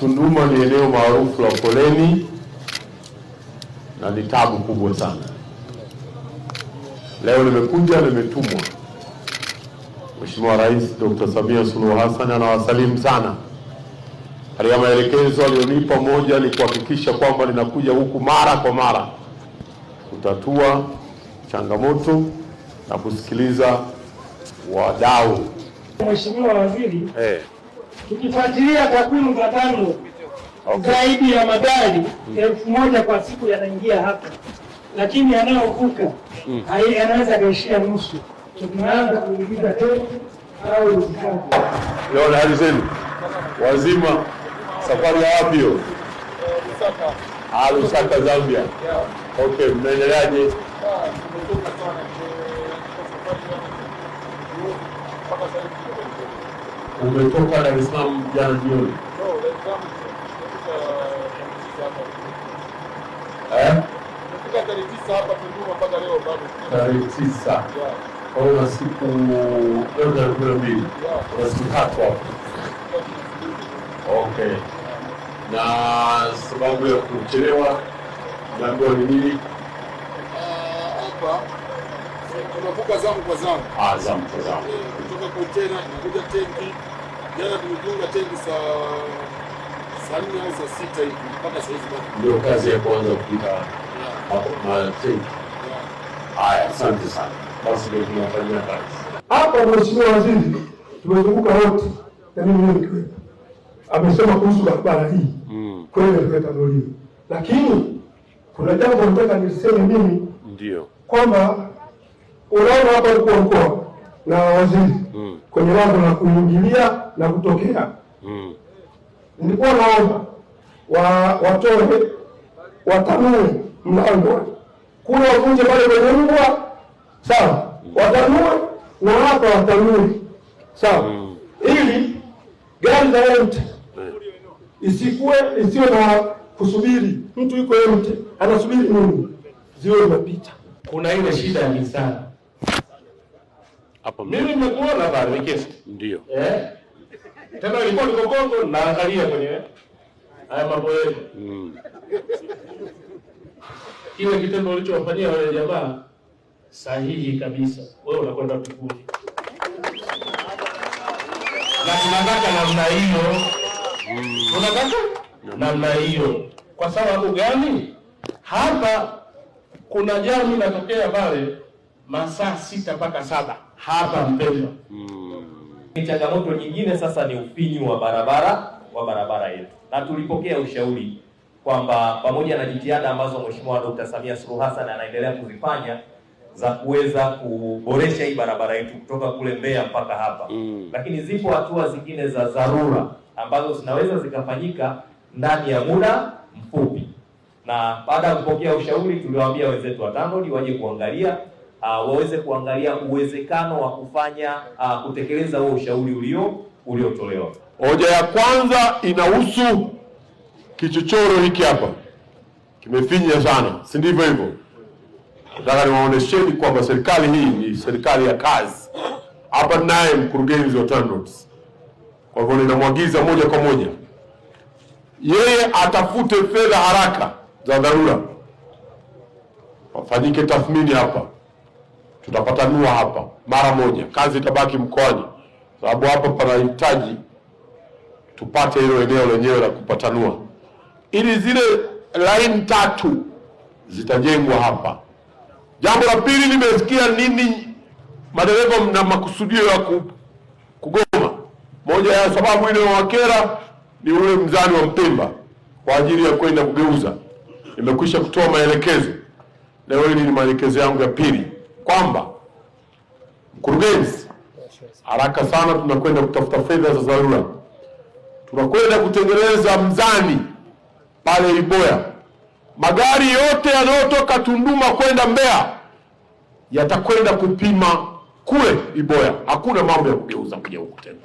Tunduma ni eneo maarufu la foleni na ni tabu kubwa sana. Leo nimekuja nimetumwa, Mheshimiwa Rais Dr. Samia Suluhu Hassan anawasalimu sana. Katika maelekezo aliyonipa, moja ni kuhakikisha kwamba ninakuja huku mara kwa mara kutatua changamoto na kusikiliza wadau. Mheshimiwa Waziri, hey. Eh. Ukifuatilia takwimu za tano zaidi ya magari elfu moja kwa siku yanaingia hapa, lakini yanayovuka mm, yanaweza kaishia nusu. Tunaanza kuingiza tena au naona hali zenu wazima, safari ya wapi hiyo? Lusaka, Zambia. Okay, mnaendeleaje? umetoka Dar es Salaam jana jioni tarehe tisa eh? kwa hiyo na siku leo tarehe kumi na mbili na siku tatu hapo okay na sababu ya kuchelewa naambiwa ni nini ah, hapa tunavuka zamu kwa zamu, ah, zamu kwa zamu, eh, kutoka kontena inakuja tenki. Jana tumejiunga tenki saa saa nne au saa sita hivi mpaka saa hizi ndio kazi ya kuanza kupika haya. Asante sana, basi ndio tunafanyia kazi hapa. Mheshimiwa Waziri, tumezunguka wote na mimi leo nikiwepo, amesema kuhusu barabara hii mm. kweli tumetangulia, lakini kuna jambo nataka niseme mimi ndio kwamba Unaona hapa mkuu wa mkoa na waziri mm. kwenye lango la kuingilia na kutokea mm. nilikuwa naomba wa, watoe watanue mlango kule wakunje pale kwenye mbwa sawa, watanue na hapa watanue sawa mm. ili gari za emte isikuwe isiwe na kusubiri mtu yuko emte anasubiri nini, ziwe zinapita. Kuna ile shida ya misana hapo mimi nimekuona pale kesi ndio eh, tena ilikuwa niko Kongo naangalia kwenye haya mambo yenu mm. Kile kitendo ulichowafanyia wale jamaa sahihi kabisa, wewe unakwenda kukuni na tunataka namna hiyo mm. unataka namna hiyo. Kwa sababu gani? Hapa kuna jamii natokea pale masaa sita mpaka saba hapa mpendwa. Mm. Changamoto nyingine sasa ni ufinyu wa barabara wa barabara yetu, na tulipokea ushauri kwamba pamoja na jitihada ambazo Mheshimiwa Dr. Samia Suluhu Hassan anaendelea kuzifanya za kuweza kuboresha hii barabara yetu kutoka kule Mbeya mpaka hapa mm. Lakini zipo hatua zingine za dharura ambazo zinaweza zikafanyika ndani ya muda mfupi, na baada ya kupokea ushauri tuliwaambia wenzetu wa TANROADS waje kuangalia uh, waweze kuangalia uwezekano wa kufanya uh, kutekeleza huo ushauri ulio uliotolewa. Hoja ya kwanza inahusu kichochoro hiki hapa, kimefinya sana, si ndivyo hivyo? Nataka niwaonesheni kwamba serikali hii ni serikali ya kazi. Hapa naye mkurugenzi wa TANROADS, kwa hivyo ninamwagiza moja kwa moja yeye atafute fedha haraka za dharura, wafanyike tathmini hapa tutapatanua hapa mara moja, kazi itabaki mkoani, sababu hapa panahitaji tupate hilo eneo lenyewe la kupatanua, ili zile line tatu zitajengwa hapa. Jambo la pili, nimesikia nini, madereva mna makusudio ya kugoma. Moja ya sababu inayowakera ni ule mzani wa Mpemba kwa ajili ya kwenda kugeuza. Nimekwisha kutoa maelekezo, leo hili ni maelekezo yangu ya pili kwamba mkurugenzi, haraka sana tunakwenda kutafuta fedha za dharura, tunakwenda kutengeneza mzani pale iboya Magari yote yanayotoka Tunduma kwenda Mbeya yatakwenda kupima kule iboya Hakuna mambo ya kugeuza kuja huku tena.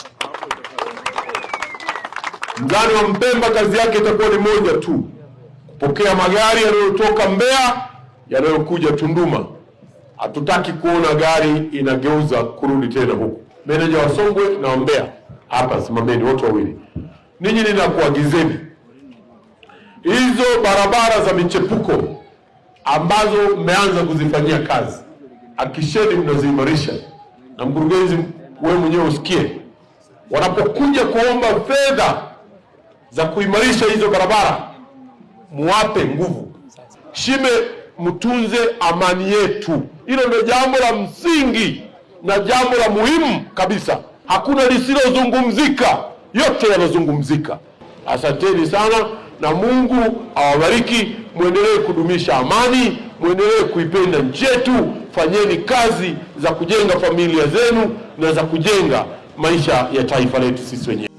Mzani wa Mpemba kazi yake itakuwa ni moja tu, kupokea magari yanayotoka Mbeya yanayokuja Tunduma. Hatutaki kuona gari inageuza kurudi tena huku. Meneja wa Songwe na Mbeya hapa simameni wote wawili. Ninyi ninakuagizeni, hizo barabara za michepuko ambazo mmeanza kuzifanyia kazi, hakikisheni mnaziimarisha, na mkurugenzi, wewe mwenyewe usikie, wanapokuja kuomba fedha za kuimarisha hizo barabara, muwape nguvu shime mtunze amani yetu. Hilo ndio jambo la msingi na jambo la muhimu kabisa, hakuna lisilozungumzika, yote yanazungumzika. Asanteni sana na Mungu awabariki, mwendelee kudumisha amani, mwendelee kuipenda nchi yetu, fanyeni kazi za kujenga familia zenu na za kujenga maisha ya taifa letu sisi wenyewe.